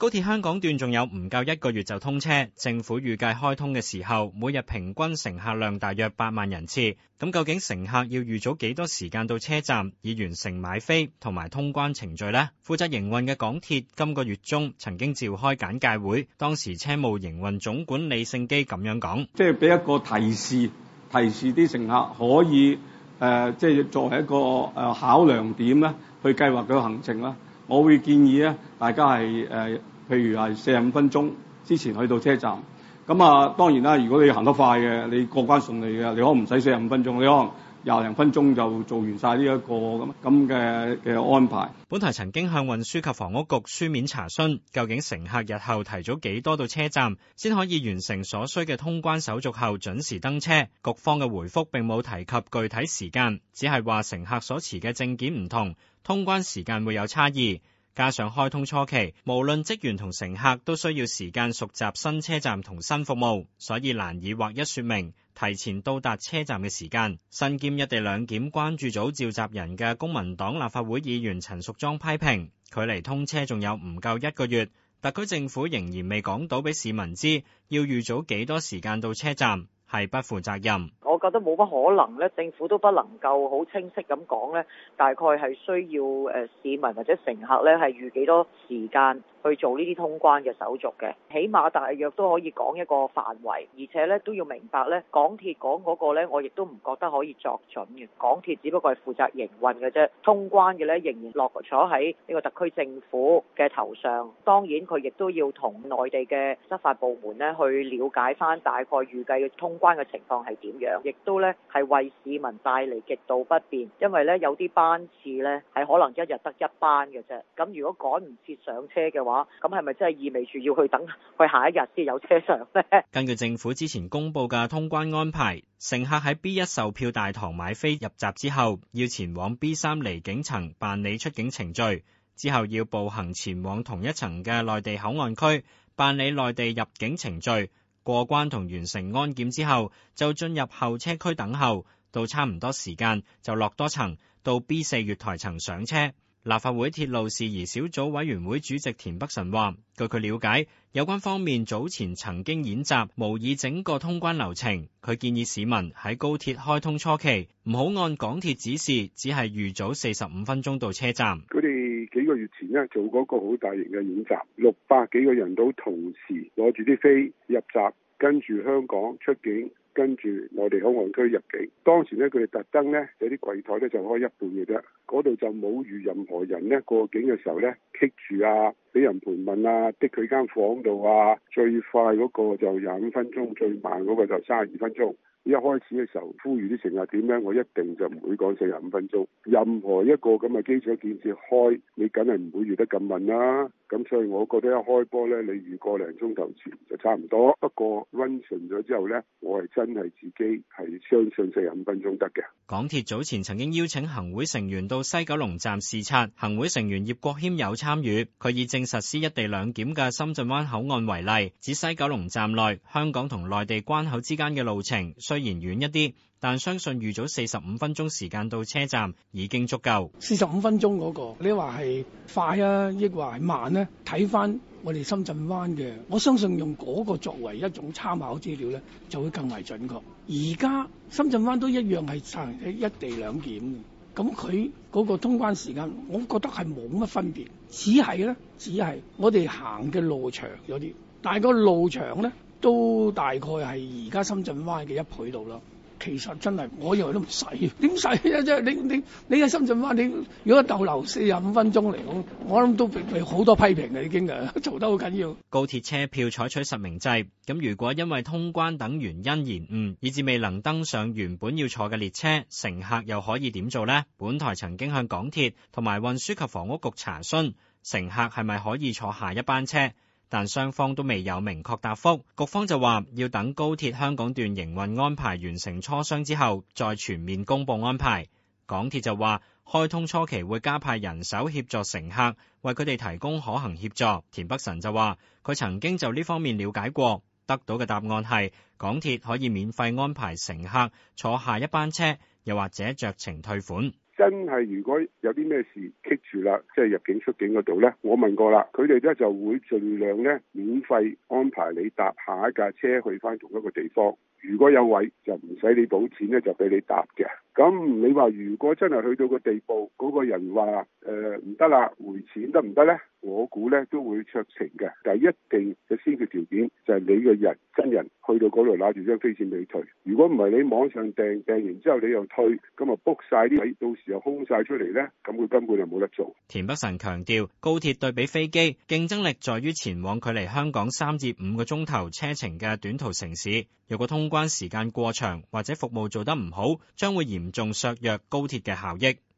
高鐵香港段仲有唔夠一個月就通車，政府預計開通嘅時候，每日平均乘客量大約八萬人次。咁究竟乘客要預早幾多時間到車站以完成買飛同埋通關程序呢？負責營運嘅港鐵今個月中曾經召開簡介會，當時車務營運總管李勝基咁樣講：即係俾一個提示，提示啲乘客可以誒，即係作為一個誒考量點咧，去計劃佢行程啦。我會建議咧，大家係誒。譬如係四十五分鐘之前去到車站，咁啊當然啦，如果你行得快嘅，你過關順利嘅，你可唔使四十五分鐘，你可能廿零分鐘就做完晒呢一個咁咁嘅嘅安排。本台曾經向運輸及房屋局書面查詢，究竟乘客日後提早幾多到車站，先可以完成所需嘅通關手續後準時登車？局方嘅回覆並冇提及具體時間，只係話乘客所持嘅證件唔同，通關時間會有差異。加上開通初期，無論職員同乘客都需要時間熟習新車站同新服務，所以難以劃一說明提前到達車站嘅時間。新檢一地兩檢關注組召集人嘅公民黨立法會議員陳淑莊批評：距離通車仲有唔夠一個月，特區政府仍然未講到俾市民知要預早幾多時間到車站，係不負責任。覺得冇乜可能咧，政府都不能夠好清晰咁講咧。大概係需要誒市民或者乘客咧係預幾多時間去做呢啲通關嘅手續嘅。起碼大約都可以講一個範圍，而且咧都要明白咧，港鐵講嗰個咧，我亦都唔覺得可以作準嘅。港鐵只不過係負責營運嘅啫，通關嘅咧，仍然落咗喺呢個特區政府嘅頭上。當然佢亦都要同內地嘅執法部門咧去了解翻大概預計嘅通關嘅情況係點樣。亦都咧係為市民帶嚟極度不便，因為咧有啲班次咧係可能一日得一班嘅啫。咁如果趕唔切上車嘅話，咁係咪真係意味住要去等去下一日先有車上咧？根據政府之前公布嘅通關安排，乘客喺 B 一售票大堂買飛入閘之後，要前往 B 三離境層辦理出境程序，之後要步行前往同一層嘅內地口岸區辦理內地入境程序。過關同完成安檢之後，就進入候車區等候，到差唔多時間，就落多層，到 B 四月台層上車。立法會鐵路事宜小組委員會主席田北辰話，據佢了解，有關方面早前曾經演習，模擬整個通關流程。佢建議市民喺高鐵開通初期唔好按港鐵指示，只係預早四十五分鐘到車站。佢哋幾個月前呢做過一個好大型嘅演習，六百幾個人都同時攞住啲飛入閘，跟住香港出境。跟住內地口岸區入境，當時咧佢哋特登咧，有啲櫃枱咧就開一半嘅啫，嗰度就冇遇任何人咧過境嘅時候咧，棘住啊，俾人盤問啊，逼佢間房度啊，最快嗰個就廿五分鐘，最慢嗰個就三十二分鐘。一開始嘅時候，呼籲啲乘客點咧，我一定就唔會講四十五分鐘。任何一個咁嘅基礎建設開，你梗係唔會遇得咁慢啦。咁所以，我覺得一開波咧，你預個零鐘頭前就差唔多。不過溫順咗之後咧，我係真。真係自己係相信四十五分鐘得嘅。港鐵早前曾經邀請行會成員到西九龍站視察，行會成員葉國謙有參與。佢以正實施一地兩檢嘅深圳灣口岸為例，指西九龍站內香港同內地關口之間嘅路程雖然遠一啲。但相信預早四十五分鐘時間到車站已經足夠。四十五分鐘嗰個，你話係快啊，抑或係慢呢？睇翻我哋深圳灣嘅，我相信用嗰個作為一種參考資料呢，就會更為準確。而家深圳灣都一樣係行一地兩檢，咁佢嗰個通關時間，我覺得係冇乜分別，只係呢，只係我哋行嘅路長有啲，但係個路長呢，都大概係而家深圳灣嘅一倍度咯。其實真係，我以為都唔使，點使啊？即係你你你喺深圳灣，你如果逗留四十五分鐘嚟講，我諗都被好多批評嘅已經啊，做得好緊要。高鐵車票採取實名制，咁如果因為通關等原因延誤，以致未能登上原本要坐嘅列車，乘客又可以點做呢？本台曾經向港鐵同埋運輸及房屋局查詢，乘客係咪可以坐下一班車？但雙方都未有明確答覆局方就話要等高鐵香港段營運安排完成磋商之後再全面公布安排。港鐵就話開通初期會加派人手協助乘客，為佢哋提供可行協助。田北辰就話佢曾經就呢方面了解過，得到嘅答案係港鐵可以免費安排乘客坐下一班車，又或者酌情退款。真係，如果有啲咩事棘住啦，即係入境出境嗰度呢，我問過啦，佢哋呢就會盡量呢免費安排你搭下一架車去翻同一個地方。如果有位就唔使你補錢呢就俾你搭嘅。咁你話如果真係去到個地步，嗰個人話誒唔得啦，回錢得唔得呢？我估咧都會酌情嘅，但係一定嘅先決條件就係你個人真人去到嗰度攞住張飛線你退。如果唔係你網上訂訂完之後你又退，咁啊 book 晒啲位，到時候空晒出嚟咧，咁佢根本就冇得做。田北辰強調，高鐵對比飛機競爭力，在於前往距離香港三至五個鐘頭車程嘅短途城市，若個通關時間過長或者服務做得唔好，將會嚴重削弱高鐵嘅效益。